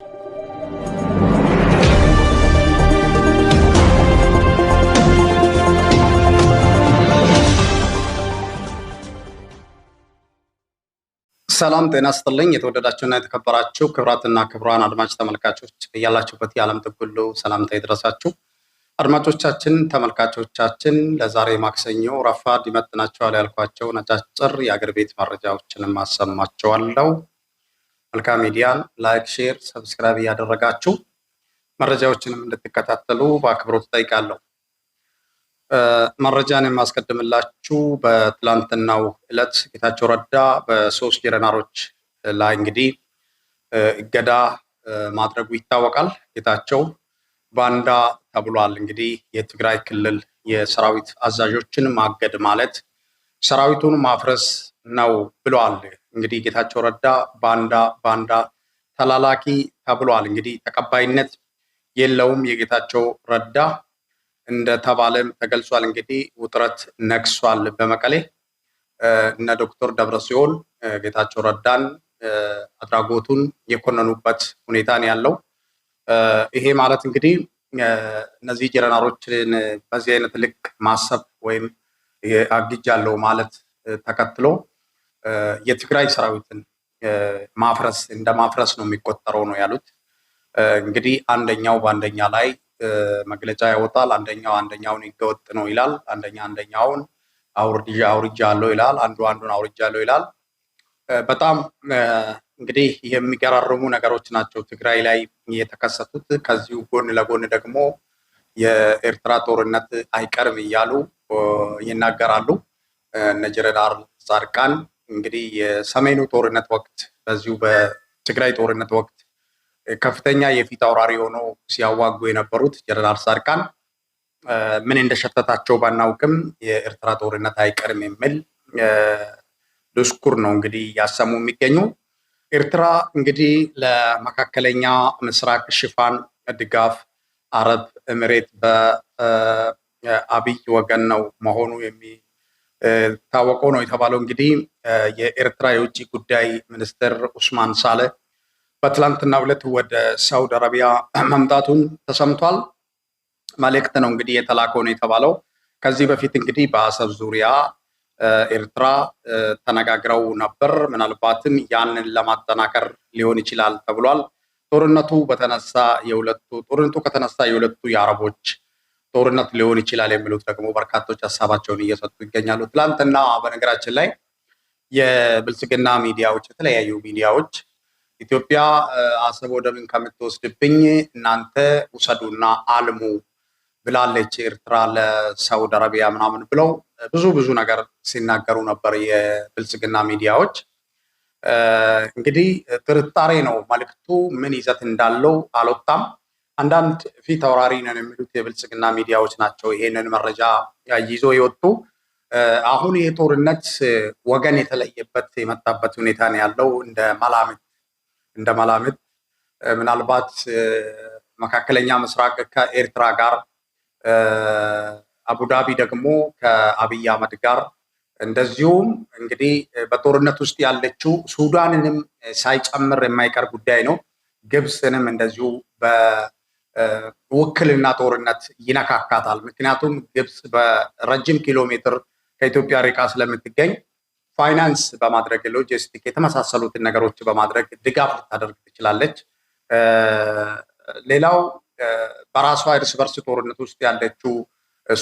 ሰላም ጤና ስጥልኝ። የተወደዳችሁና የተከበራችሁ ክብራትና ክብሯን አድማጭ ተመልካቾች እያላችሁበት የዓለም ጥግ ሁሉ ሰላምታ ይድረሳችሁ። አድማጮቻችን፣ ተመልካቾቻችን ለዛሬ ማክሰኞ ረፋድ ይመጥናቸዋል ያልኳቸው ነጫጭር የአገር ቤት መረጃዎችንም አሰማቸዋለሁ። መልካ ሚዲያን ላይክ፣ ሼር፣ ሰብስክራይብ እያደረጋችሁ መረጃዎችንም እንድትከታተሉ በአክብሮት ጠይቃለሁ። መረጃን የማስቀድምላችሁ በትላንትናው ዕለት ጌታቸው ረዳ በሶስት ጀነራሎች ላይ እንግዲህ እገዳ ማድረጉ ይታወቃል። ጌታቸው ባንዳ ተብሏል። እንግዲህ የትግራይ ክልል የሰራዊት አዛዦችን ማገድ ማለት ሰራዊቱን ማፍረስ ነው ብለዋል እንግዲህ ጌታቸው ረዳ ባንዳ ባንዳ ተላላኪ ተብሏል። እንግዲህ ተቀባይነት የለውም የጌታቸው ረዳ እንደተባለም ተገልጿል። እንግዲህ ውጥረት ነግሷል በመቀሌ እነ ዶክተር ደብረ ሲሆን ጌታቸው ረዳን አድራጎቱን የኮነኑበት ሁኔታን ያለው ይሄ ማለት እንግዲህ እነዚህ ጀረናሮችን በዚህ አይነት ልክ ማሰብ ወይም አግጃለሁ ማለት ተከትሎ የትግራይ ሰራዊትን ማፍረስ እንደ ማፍረስ ነው የሚቆጠረው ነው ያሉት። እንግዲህ አንደኛው በአንደኛ ላይ መግለጫ ያወጣል። አንደኛው አንደኛውን ይገወጥ ነው ይላል። አንደኛ አንደኛውን አውርጃ አለው ይላል። አንዱ አንዱን አውርጃ አለው ይላል። በጣም እንግዲህ የሚገራርሙ ነገሮች ናቸው ትግራይ ላይ የተከሰቱት። ከዚሁ ጎን ለጎን ደግሞ የኤርትራ ጦርነት አይቀርም እያሉ ይናገራሉ እነ ጀነራል ጻድቃን እንግዲህ የሰሜኑ ጦርነት ወቅት በዚሁ በትግራይ ጦርነት ወቅት ከፍተኛ የፊት አውራሪ ሆነው ሲያዋጉ የነበሩት ጀነራል ጻድቃን ምን እንደሸተታቸው ባናውቅም የኤርትራ ጦርነት አይቀርም የሚል ድስኩር ነው እንግዲህ እያሰሙ የሚገኙ። ኤርትራ እንግዲህ ለመካከለኛ ምስራቅ ሽፋን ድጋፍ አረብ ኤምሬት በአብይ ወገን ነው መሆኑ የሚ ታወቀው ነው የተባለው። እንግዲህ የኤርትራ የውጭ ጉዳይ ሚኒስትር ኡስማን ሳለ በትላንትና ዕለት ወደ ሳውዲ አረቢያ መምጣቱን ተሰምቷል። መልእክት ነው እንግዲህ የተላከው ነው የተባለው። ከዚህ በፊት እንግዲህ በአሰብ ዙሪያ ኤርትራ ተነጋግረው ነበር። ምናልባትም ያንን ለማጠናከር ሊሆን ይችላል ተብሏል። ጦርነቱ በተነሳ የሁለቱ ጦርነቱ ከተነሳ የሁለቱ የአረቦች ጦርነት ሊሆን ይችላል የሚሉት ደግሞ በርካቶች ሀሳባቸውን እየሰጡ ይገኛሉ። ትላንትና በነገራችን ላይ የብልጽግና ሚዲያዎች የተለያዩ ሚዲያዎች ኢትዮጵያ አሰብ ወደብን ከምትወስድብኝ እናንተ ውሰዱና አልሙ ብላለች ኤርትራ ለሳውዲ አረቢያ ምናምን ብለው ብዙ ብዙ ነገር ሲናገሩ ነበር የብልጽግና ሚዲያዎች። እንግዲህ ጥርጣሬ ነው መልዕክቱ ምን ይዘት እንዳለው አልወጣም። አንዳንድ ፊት አውራሪ ነን የሚሉት የብልጽግና ሚዲያዎች ናቸው ይሄንን መረጃ ይዞ የወጡ። አሁን የጦርነት ጦርነት ወገን የተለየበት የመጣበት ሁኔታ ነው ያለው። እንደ መላምት እንደ መላምት ምናልባት መካከለኛ ምስራቅ ከኤርትራ ጋር አቡዳቢ ደግሞ ከአብይ አህመድ ጋር እንደዚሁም እንግዲህ በጦርነት ውስጥ ያለችው ሱዳንንም ሳይጨምር የማይቀር ጉዳይ ነው። ግብፅንም እንደዚሁ ውክልና ጦርነት ይነካካታል። ምክንያቱም ግብፅ በረጅም ኪሎ ሜትር ከኢትዮጵያ ርቃ ስለምትገኝ ፋይናንስ በማድረግ ሎጂስቲክ፣ የተመሳሰሉትን ነገሮች በማድረግ ድጋፍ ልታደርግ ትችላለች። ሌላው በራሷ እርስ በርስ ጦርነት ውስጥ ያለችው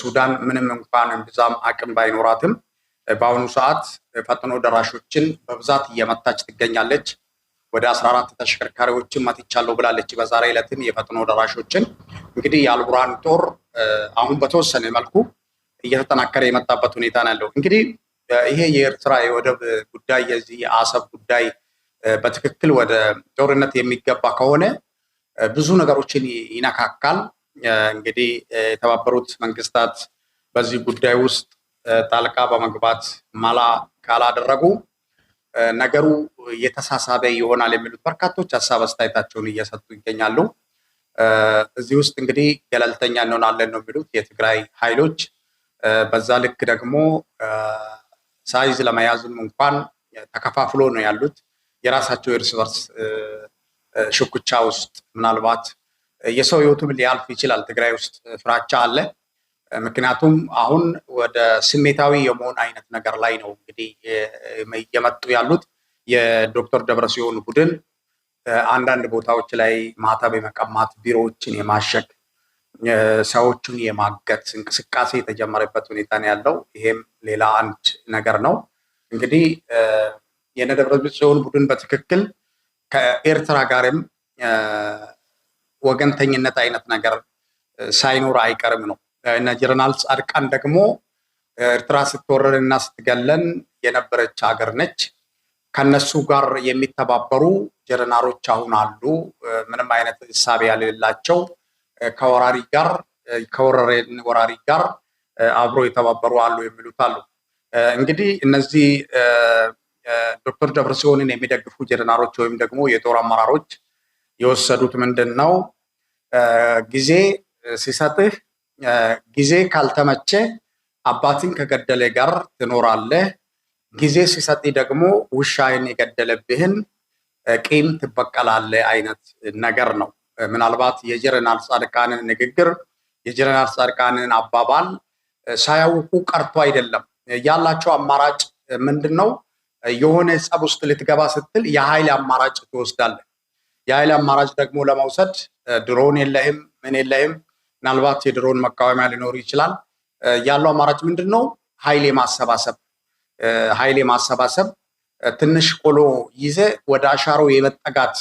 ሱዳን ምንም እንኳን እምብዛም አቅም ባይኖራትም በአሁኑ ሰዓት ፈጥኖ ደራሾችን በብዛት እየመታች ትገኛለች። ወደ 14 ተሽከርካሪዎችን መትቻለሁ ብላለች። በዛሬ ዕለትም የፈጥኖ ደራሾችን እንግዲህ የአልቡራን ጦር አሁን በተወሰነ መልኩ እየተጠናከረ የመጣበት ሁኔታ ነው ያለው። እንግዲህ ይሄ የኤርትራ የወደብ ጉዳይ የዚህ የአሰብ ጉዳይ በትክክል ወደ ጦርነት የሚገባ ከሆነ ብዙ ነገሮችን ይነካካል። እንግዲህ የተባበሩት መንግስታት በዚህ ጉዳይ ውስጥ ጣልቃ በመግባት መላ ካላደረጉ ነገሩ የተሳሳበ ይሆናል የሚሉት በርካቶች ሀሳብ አስተያየታቸውን እየሰጡ ይገኛሉ። እዚህ ውስጥ እንግዲህ ገለልተኛ እንሆናለን ነው የሚሉት የትግራይ ኃይሎች። በዛ ልክ ደግሞ ሳይዝ ለመያዝም እንኳን ተከፋፍሎ ነው ያሉት። የራሳቸው የእርስ በርስ ሽኩቻ ውስጥ ምናልባት የሰው ህይወቱም ሊያልፍ ይችላል። ትግራይ ውስጥ ፍራቻ አለ። ምክንያቱም አሁን ወደ ስሜታዊ የመሆን አይነት ነገር ላይ ነው እንግዲህ እየመጡ ያሉት። የዶክተር ደብረሲዮን ቡድን አንዳንድ ቦታዎች ላይ ማተብ የመቀማት ቢሮዎችን የማሸግ ሰዎቹን የማገት እንቅስቃሴ የተጀመረበት ሁኔታ ነው ያለው። ይሄም ሌላ አንድ ነገር ነው። እንግዲህ የነ ቡድን በትክክል ከኤርትራ ጋርም ወገንተኝነት አይነት ነገር ሳይኖር አይቀርም ነው እና ጀነራል ጻድቃን ደግሞ ኤርትራ ስትወረር እና ስትገለን የነበረች ሀገር ነች። ከነሱ ጋር የሚተባበሩ ጀነራሎች አሁን አሉ። ምንም አይነት እሳቤ ያሌላቸው ከወራሪ ጋር ከወረሬን ወራሪ ጋር አብሮ የተባበሩ አሉ የሚሉት አሉ። እንግዲህ እነዚህ ዶክተር ደብረጽዮንን የሚደግፉ ጀነራሎች ወይም ደግሞ የጦር አመራሮች የወሰዱት ምንድን ነው? ጊዜ ሲሰጥህ ጊዜ ካልተመቼ አባትን ከገደለ ጋር ትኖራለህ። ጊዜ ሲሰጥ ደግሞ ውሻህን የገደለብህን ቂም ትበቀላለህ አይነት ነገር ነው። ምናልባት የጀረናል ጻድቃንን ንግግር የጀረናል ጻድቃንን አባባል ሳያውቁ ቀርቶ አይደለም። ያላቸው አማራጭ ምንድን ነው? የሆነ ጸብ ውስጥ ልትገባ ስትል የኃይል አማራጭ ትወስዳለህ። የኃይል አማራጭ ደግሞ ለመውሰድ ድሮን የለህም፣ ምን የለህም ምናልባት የድሮን መቃወሚያ ሊኖሩ ይችላል። ያለው አማራጭ ምንድን ነው? ኃይል የማሰባሰብ ኃይል የማሰባሰብ ትንሽ ቆሎ ይዘ ወደ አሻሮ የመጠጋት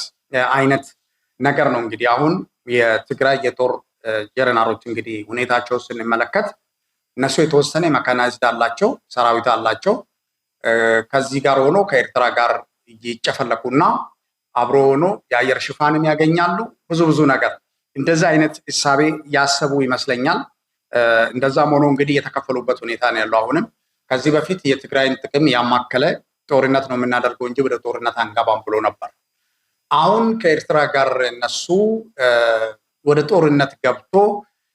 አይነት ነገር ነው። እንግዲህ አሁን የትግራይ የጦር ጀረናሮች እንግዲህ ሁኔታቸው ስንመለከት እነሱ የተወሰነ መካናይዝድ አላቸው፣ ሰራዊት አላቸው። ከዚህ ጋር ሆኖ ከኤርትራ ጋር ይጨፈለቁና አብሮ ሆኖ የአየር ሽፋንም ያገኛሉ ብዙ ብዙ ነገር እንደዛ አይነት እሳቤ ያሰቡ ይመስለኛል። እንደዛም ሆኖ እንግዲህ የተከፈሉበት ሁኔታ ነው ያለው። አሁንም ከዚህ በፊት የትግራይን ጥቅም ያማከለ ጦርነት ነው የምናደርገው እንጂ ወደ ጦርነት አንገባም ብሎ ነበር። አሁን ከኤርትራ ጋር እነሱ ወደ ጦርነት ገብቶ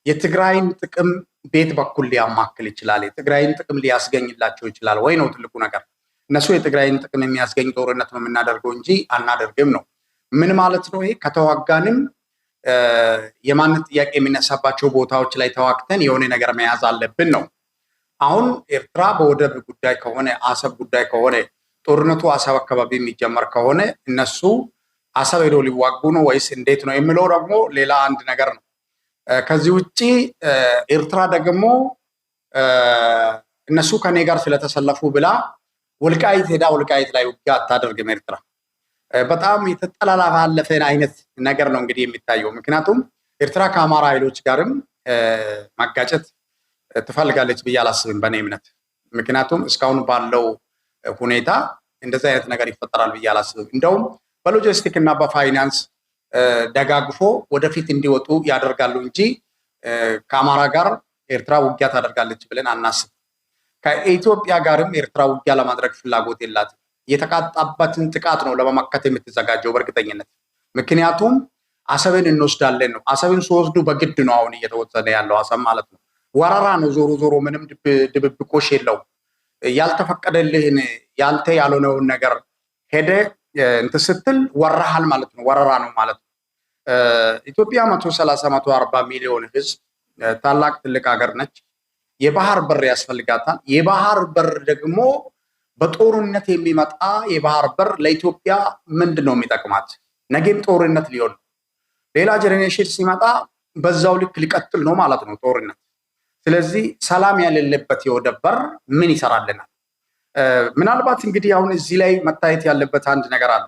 የትግራይን ጥቅም ቤት በኩል ሊያማክል ይችላል፣ የትግራይን ጥቅም ሊያስገኝላቸው ይችላል ወይ ነው ትልቁ ነገር። እነሱ የትግራይን ጥቅም የሚያስገኝ ጦርነት ነው የምናደርገው እንጂ አናደርግም ነው። ምን ማለት ነው? ይሄ ከተዋጋንም የማንነት ጥያቄ የሚነሳባቸው ቦታዎች ላይ ተዋግተን የሆነ ነገር መያዝ አለብን ነው። አሁን ኤርትራ በወደብ ጉዳይ ከሆነ አሰብ ጉዳይ ከሆነ ጦርነቱ አሰብ አካባቢ የሚጀመር ከሆነ እነሱ አሰብ ሄዶ ሊዋጉ ነው ወይስ እንዴት ነው የሚለው ደግሞ ሌላ አንድ ነገር ነው። ከዚህ ውጭ ኤርትራ ደግሞ እነሱ ከኔ ጋር ስለተሰለፉ ብላ ወልቃይት ሄዳ ወልቃይት ላይ ውጊያ አታደርግም ኤርትራ። በጣም የተጠላለፋለፈ አይነት ነገር ነው እንግዲህ የሚታየው። ምክንያቱም ኤርትራ ከአማራ ኃይሎች ጋርም ማጋጨት ትፈልጋለች ብዬ አላስብም በእኔ እምነት። ምክንያቱም እስካሁን ባለው ሁኔታ እንደዚህ አይነት ነገር ይፈጠራል ብዬ አላስብም። እንደውም በሎጂስቲክ እና በፋይናንስ ደጋግፎ ወደፊት እንዲወጡ ያደርጋሉ እንጂ ከአማራ ጋር ኤርትራ ውጊያ ታደርጋለች ብለን አናስብ። ከኢትዮጵያ ጋርም ኤርትራ ውጊያ ለማድረግ ፍላጎት የላትም። የተቃጣባትን ጥቃት ነው ለመመከት የምትዘጋጀው በእርግጠኝነት። ምክንያቱም አሰብን እንወስዳለን ነው። አሰብን ሲወስዱ በግድ ነው አሁን እየተወሰደ ያለው አሰብ ማለት ነው። ወረራ ነው። ዞሮ ዞሮ ምንም ድብብቆሽ የለውም። ያልተፈቀደልህን ያልተ ያልሆነውን ነገር ሄደ እንት ስትል ወረሃል ማለት ነው። ወረራ ነው ማለት ነው። ኢትዮጵያ መቶ ሰላሳ መቶ አርባ ሚሊዮን ህዝብ ታላቅ ትልቅ ሀገር ነች። የባህር በር ያስፈልጋታል። የባህር በር ደግሞ በጦርነት የሚመጣ የባህር በር ለኢትዮጵያ ምንድን ነው የሚጠቅማት? ነገም ጦርነት ሊሆን ሌላ ጀኔሬሽን ሲመጣ በዛው ልክ ሊቀጥል ነው ማለት ነው ጦርነት። ስለዚህ ሰላም ያሌለበት የወደብ በር ምን ይሰራልናል? ምናልባት እንግዲህ አሁን እዚህ ላይ መታየት ያለበት አንድ ነገር አለ።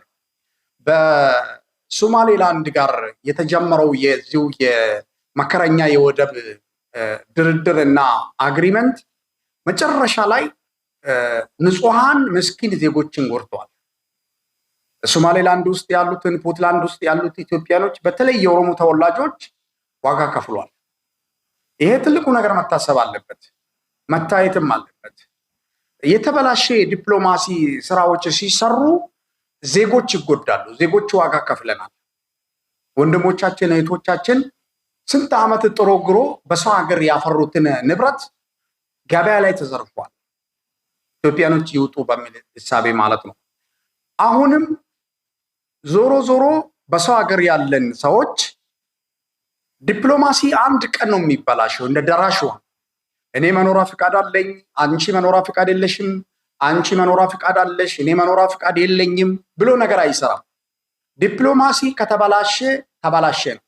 በሶማሌላንድ ጋር የተጀመረው የዚሁ የመከረኛ የወደብ ድርድር እና አግሪመንት መጨረሻ ላይ ንጹሐን ምስኪን ዜጎችን ጎድተዋል። ሶማሌላንድ ውስጥ ያሉትን ፑንትላንድ ውስጥ ያሉት ኢትዮጵያኖች በተለይ የኦሮሞ ተወላጆች ዋጋ ከፍሏል። ይሄ ትልቁ ነገር መታሰብ አለበት፣ መታየትም አለበት። የተበላሸ የዲፕሎማሲ ስራዎች ሲሰሩ ዜጎች ይጎዳሉ። ዜጎች ዋጋ ከፍለናል። ወንድሞቻችን እህቶቻችን ስንት ዓመት ጥሮ ግሮ በሰው ሀገር ያፈሩትን ንብረት ገበያ ላይ ተዘርፏል። ኢትዮጵያኖች ይውጡ በሚል እሳቤ ማለት ነው። አሁንም ዞሮ ዞሮ በሰው ሀገር ያለን ሰዎች ዲፕሎማሲ አንድ ቀን ነው የሚበላሸው። እንደ ደራሽ እኔ መኖሪያ ፍቃድ አለኝ፣ አንቺ መኖሪያ ፍቃድ የለሽም፣ አንቺ መኖሪያ ፍቃድ አለሽ፣ እኔ መኖሪያ ፍቃድ የለኝም ብሎ ነገር አይሰራም። ዲፕሎማሲ ከተበላሸ ተበላሸ ነው።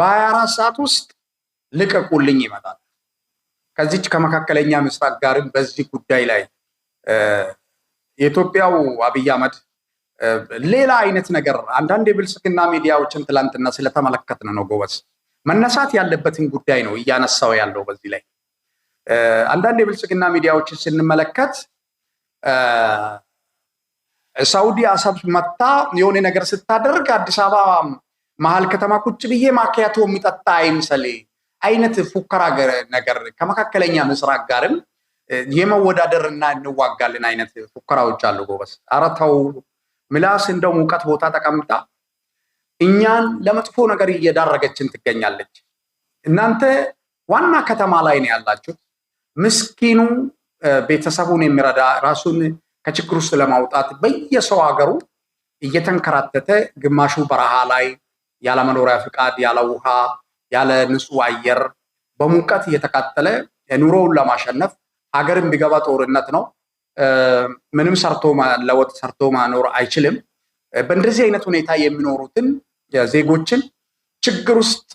በሀያ አራት ሰዓት ውስጥ ልቀቁልኝ ይመጣል። ከዚች ከመካከለኛ ምስራቅ ጋርም በዚህ ጉዳይ ላይ የኢትዮጵያው አብይ አህመድ ሌላ አይነት ነገር አንዳንድ የብልጽግና ሚዲያዎችን ትላንትና ስለተመለከትን ነው ጎበዝ መነሳት ያለበትን ጉዳይ ነው እያነሳው ያለው። በዚህ ላይ አንዳንድ የብልጽግና ሚዲያዎችን ስንመለከት ሳውዲ አሰብ መታ የሆነ ነገር ስታደርግ አዲስ አበባ መሀል ከተማ ቁጭ ብዬ ማኪያቶ የሚጠጣ አይምሰል አይነት ፉከራ ነገር ከመካከለኛ ምስራቅ ጋርም የመወዳደር እና እንዋጋልን አይነት ፉከራዎች አሉ። ጎበስ አረተው ምላስ እንደ ሙቀት ቦታ ተቀምጣ እኛን ለመጥፎ ነገር እየዳረገችን ትገኛለች። እናንተ ዋና ከተማ ላይ ነው ያላችሁት። ምስኪኑ ቤተሰቡን የሚረዳ ራሱን ከችግር ውስጥ ለማውጣት በየሰው ሀገሩ እየተንከራተተ ግማሹ በረሃ ላይ ያለ መኖሪያ ፍቃድ፣ ያለ ውሃ፣ ያለ ንጹህ አየር በሙቀት እየተቃጠለ ኑሮውን ለማሸነፍ ሀገርም ቢገባ ጦርነት ነው። ምንም ሰርቶ ለወጥ ሰርቶ ማኖር አይችልም። በእንደዚህ አይነት ሁኔታ የሚኖሩትን ዜጎችን ችግር ውስጥ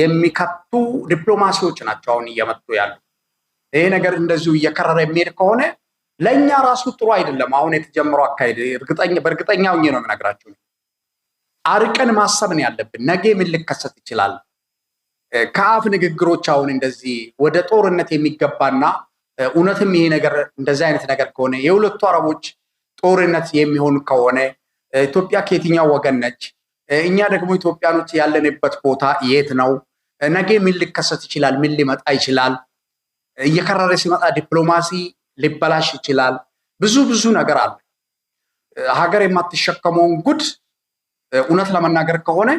የሚከቱ ዲፕሎማሲዎች ናቸው አሁን እየመጡ ያሉ። ይሄ ነገር እንደዚሁ እየከረረ የሚሄድ ከሆነ ለእኛ ራሱ ጥሩ አይደለም። አሁን የተጀመረው አካሄድ በእርግጠኛ ነው የምነግራቸው። አርቀን ማሰብን ያለብን ነገ ምን ልከሰት ይችላል። ከአፍ ንግግሮች አሁን እንደዚህ ወደ ጦርነት የሚገባና እውነትም ይሄ ነገር እንደዚህ አይነት ነገር ከሆነ የሁለቱ አረቦች ጦርነት የሚሆን ከሆነ ኢትዮጵያ ከየትኛው ወገን ነች? እኛ ደግሞ ኢትዮጵያኖች ያለንበት ቦታ የት ነው? ነገ ምን ሊከሰት ይችላል? ምን ሊመጣ ይችላል? እየከረረ ሲመጣ ዲፕሎማሲ ሊበላሽ ይችላል። ብዙ ብዙ ነገር አለ። ሀገር የማትሸከመውን ጉድ እውነት ለመናገር ከሆነ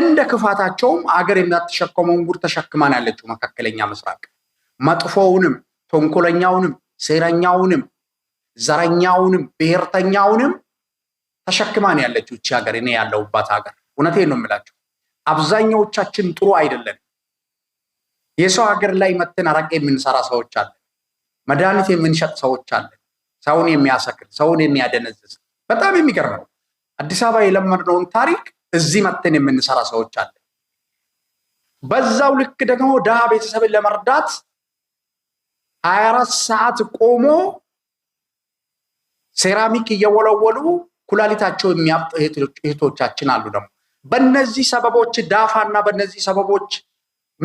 እንደ ክፋታቸውም ሀገር የማትሸከመውን ጉድ ተሸክማን ያለችው መካከለኛ ምስራቅ መጥፎውንም ተንኮለኛውንም፣ ሴረኛውንም፣ ዘረኛውንም፣ ብሔርተኛውንም ተሸክማን ያለችው እቺ ሀገር፣ እኔ ያለሁባት ሀገር። እውነቴ ነው የምላቸው። አብዛኛዎቻችን ጥሩ አይደለን። የሰው ሀገር ላይ መተን አረቄ የምንሰራ ሰዎች አለን። መድኃኒት የምንሸጥ ሰዎች አለን። ሰውን የሚያሰክር ሰውን የሚያደነዝዝ በጣም የሚገርመው አዲስ አበባ የለመድነውን ታሪክ እዚህ መተን የምንሰራ ሰዎች አለን። በዛው ልክ ደግሞ ድሃ ቤተሰብን ለመርዳት ሀያ አራት ሰዓት ቆሞ ሴራሚክ እየወለወሉ ኩላሊታቸው የሚያብጥ እህቶቻችን አሉ። ደግሞ በእነዚህ ሰበቦች ዳፋ እና በእነዚህ ሰበቦች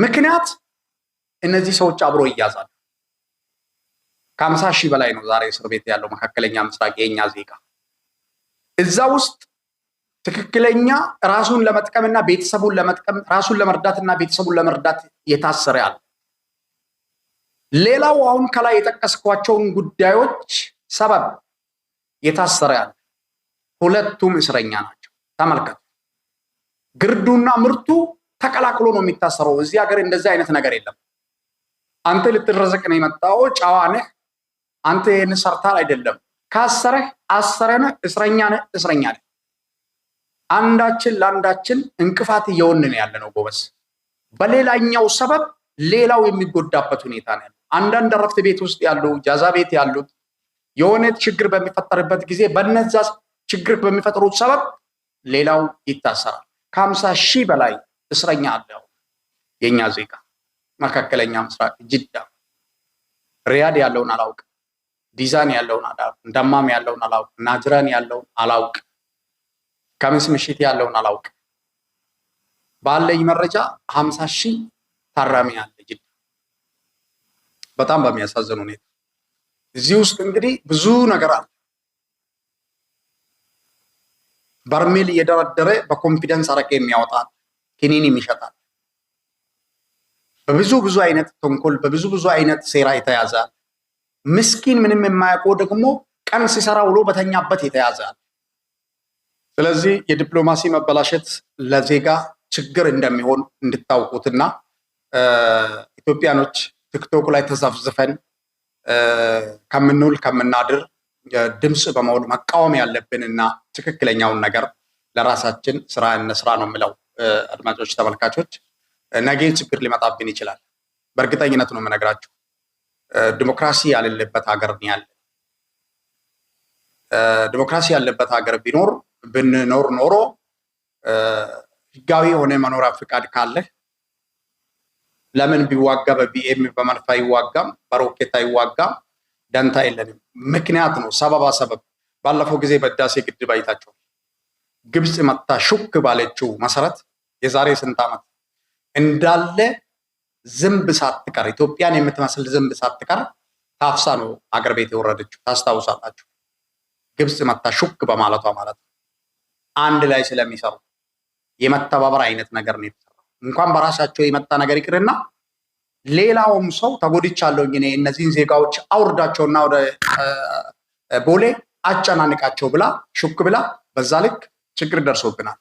ምክንያት እነዚህ ሰዎች አብሮ ይያዛሉ። ከአምሳ ሺህ በላይ ነው ዛሬ እስር ቤት ያለው መካከለኛ ምስራቅ የኛ ዜጋ እዛ ውስጥ ትክክለኛ ራሱን ለመጥቀምና ቤተሰቡን ለመጥቀም ራሱን ለመርዳትና ቤተሰቡን ለመርዳት የታሰረ ያለ ሌላው አሁን ከላይ የጠቀስኳቸውን ጉዳዮች ሰበብ የታሰረ ያለ ሁለቱም እስረኛ ናቸው። ተመልከቱ። ግርዱና ምርቱ ተቀላቅሎ ነው የሚታሰረው። እዚህ ሀገር እንደዚህ አይነት ነገር የለም። አንተ ልትረዘቅ ነው የመጣው፣ ጨዋ ነህ አንተ፣ ይህን ሰርታል አይደለም። ካሰረህ አሰረነ፣ እስረኛ ነህ፣ እስረኛ ነህ። አንዳችን ለአንዳችን እንቅፋት እየሆንን ያለ ነው ጎበዝ። በሌላኛው ሰበብ ሌላው የሚጎዳበት ሁኔታ ነው። አንዳንድ እረፍት ቤት ውስጥ ያሉ ጃዛ ቤት ያሉት የሆነ ችግር በሚፈጠርበት ጊዜ በነዛ ችግር በሚፈጥሩት ሰበብ ሌላው ይታሰራል። ከሀምሳ ሺህ በላይ እስረኛ አለው የእኛ ዜጋ መካከለኛ ምስራቅ ጅዳ፣ ሪያድ ያለውን አላውቅ፣ ዲዛን ያለውን አላውቅ፣ ደማም ያለውን አላውቅ፣ ናጅራን ያለውን አላውቅ፣ ከምስ ምሽት ያለውን አላውቅ። ባለኝ መረጃ ሀምሳ ሺህ ታራሚ አለ ጅዳ። በጣም በሚያሳዝን ሁኔታ እዚህ ውስጥ እንግዲህ ብዙ ነገር አለ። በርሜል እየደረደረ በኮንፊደንስ አረቄ የሚያወጣል፣ ኪኒን የሚሸጣል። በብዙ ብዙ አይነት ተንኮል፣ በብዙ ብዙ አይነት ሴራ የተያዘ ምስኪን ምንም የማያውቀው ደግሞ ቀን ሲሰራ ውሎ በተኛበት የተያዘ ስለዚህ የዲፕሎማሲ መበላሸት ለዜጋ ችግር እንደሚሆን እንድታውቁትና ኢትዮጵያኖች ቲክቶክ ላይ ተዘፍዝፈን ከምንውል ከምናድር ድምፅ በመሆን መቃወም ያለብንና ትክክለኛውን ነገር ለራሳችን ስራ እንስራ ነው የምለው። አድማጮች፣ ተመልካቾች ነገ ችግር ሊመጣብን ይችላል። በእርግጠኝነት ነው የምነግራችሁ። ዲሞክራሲ ያለበት ሀገር ያለ። ዲሞክራሲ ያለበት ሀገር ቢኖር ብንኖር ኖሮ ህጋዊ የሆነ መኖሪያ ፍቃድ ካለህ ለምን ቢዋጋ በቢኤም በመድፍ አይዋጋም፣ በሮኬት አይዋጋም? ደንታ የለንም። ምክንያት ነው፣ ሰበባ ሰበብ። ባለፈው ጊዜ በህዳሴ ግድብ አይታቸው ግብፅ መታ ሹክ ባለችው መሰረት የዛሬ ስንት ዓመት እንዳለ ዝንብ ሳትቀር ኢትዮጵያን የምትመስል ዝንብ ሳትቀር ታፍሳ ነው አገር ቤት የወረደችው። ታስታውሳላችሁ። ግብፅ መታ ሹክ በማለቷ ማለት ነው። አንድ ላይ ስለሚሰሩ የመተባበር አይነት ነገር ነው እንኳን በራሳቸው የመጣ ነገር ይቅርና ሌላውም ሰው ተጎድቻለሁኝ እኔ እነዚህን ዜጋዎች አውርዳቸውና ወደ ቦሌ አጨናንቃቸው ብላ ሹክ ብላ በዛ ልክ ችግር ደርሶብናል።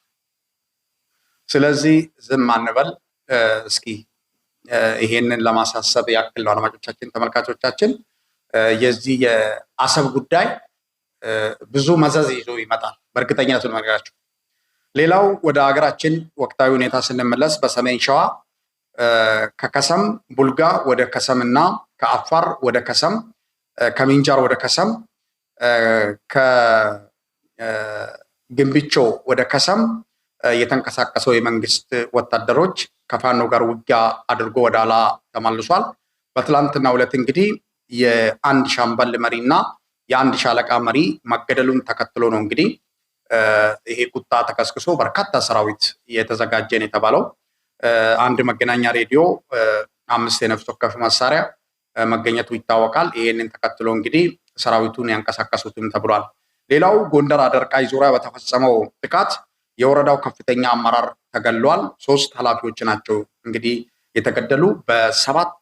ስለዚህ ዝም አንበል። እስኪ ይሄንን ለማሳሰብ ያክል ነው። አድማጮቻችን፣ ተመልካቾቻችን የዚህ የአሰብ ጉዳይ ብዙ መዘዝ ይዞ ይመጣል። በእርግጠኛ ነገራቸው ሌላው ወደ ሀገራችን ወቅታዊ ሁኔታ ስንመለስ በሰሜን ሸዋ ከከሰም ቡልጋ ወደ ከሰም እና ከአፋር ወደ ከሰም ከሚንጃር ወደ ከሰም ከግንብቾ ወደ ከሰም የተንቀሳቀሰው የመንግስት ወታደሮች ከፋኖ ጋር ውጊያ አድርጎ ወደ ኋላ ተማልሷል። በትላንትና ዕለት እንግዲህ የአንድ ሻምበል እና የአንድ ሻለቃ መሪ መገደሉን ተከትሎ ነው እንግዲህ ይሄ ቁጣ ተቀስቅሶ በርካታ ሰራዊት የተዘጋጀን የተባለው አንድ መገናኛ ሬዲዮ አምስት የነፍስ ወከፍ መሳሪያ መገኘቱ ይታወቃል። ይህንን ተከትሎ እንግዲህ ሰራዊቱን ያንቀሳቀሱትም ተብሏል። ሌላው ጎንደር አደርቃይ ዙሪያ በተፈጸመው ጥቃት የወረዳው ከፍተኛ አመራር ተገሏል። ሶስት ኃላፊዎች ናቸው እንግዲህ የተገደሉ በሰባት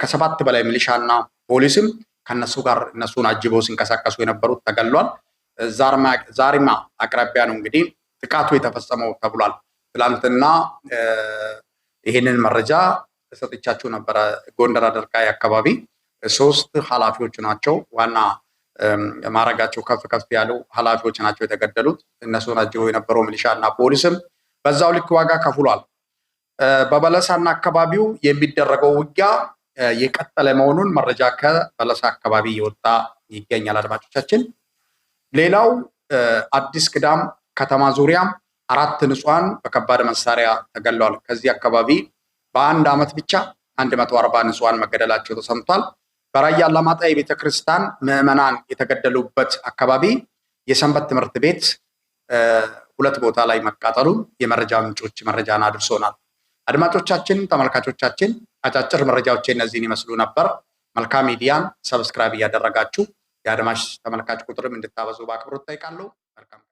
ከሰባት በላይ ሚሊሻና ፖሊስም ከነሱ ጋር እነሱን አጅበው ሲንቀሳቀሱ የነበሩት ተገሏል። ዛሪማ አቅራቢያ ነው እንግዲህ ጥቃቱ የተፈጸመው ተብሏል። ትላንትና ይህንን መረጃ ሰጥቻችሁ ነበረ። ጎንደር አደርቃይ አካባቢ ሶስት ኃላፊዎች ናቸው ዋና ማረጋቸው ከፍ ከፍ ያሉ ኃላፊዎች ናቸው የተገደሉት። እነሱ ናቸው የነበረው ሚሊሻ እና ፖሊስም በዛው ልክ ዋጋ ከፍሏል። በበለሳና አካባቢው የሚደረገው ውጊያ የቀጠለ መሆኑን መረጃ ከበለሳ አካባቢ የወጣ ይገኛል። አድማጮቻችን ሌላው አዲስ ቅዳም ከተማ ዙሪያ አራት ንጹሐን በከባድ መሳሪያ ተገለዋል። ከዚህ አካባቢ በአንድ ዓመት ብቻ 140 ንጹሐን መገደላቸው ተሰምቷል። በራያ አላማጣ የቤተ ክርስቲያን ምዕመናን የተገደሉበት አካባቢ የሰንበት ትምህርት ቤት ሁለት ቦታ ላይ መቃጠሉ የመረጃ ምንጮች መረጃን አድርሶናል። አድማጮቻችን፣ ተመልካቾቻችን አጫጭር መረጃዎች እነዚህን ይመስሉ ነበር። መልካም ሚዲያን ሰብስክራይብ እያደረጋችሁ የአድማሽ ተመልካች ቁጥርም እንድታበዙ በአክብሮት እጠይቃለሁ። መልካም